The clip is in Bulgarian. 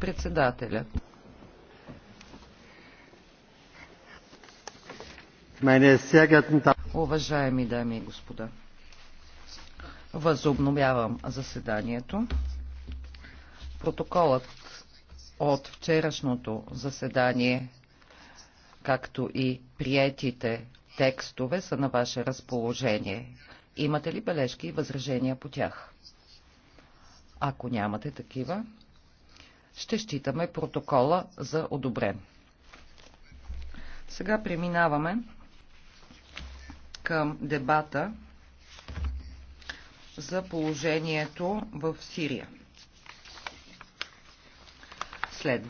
Председателя. Уважаеми дами и господа, възобновявам заседанието. Протоколът от вчерашното заседание, както и приетите текстове са на ваше разположение. Имате ли бележки и възражения по тях? Ако нямате такива, ще считаме протокола за одобрен. Сега преминаваме към дебата за положението в Сирия. Следва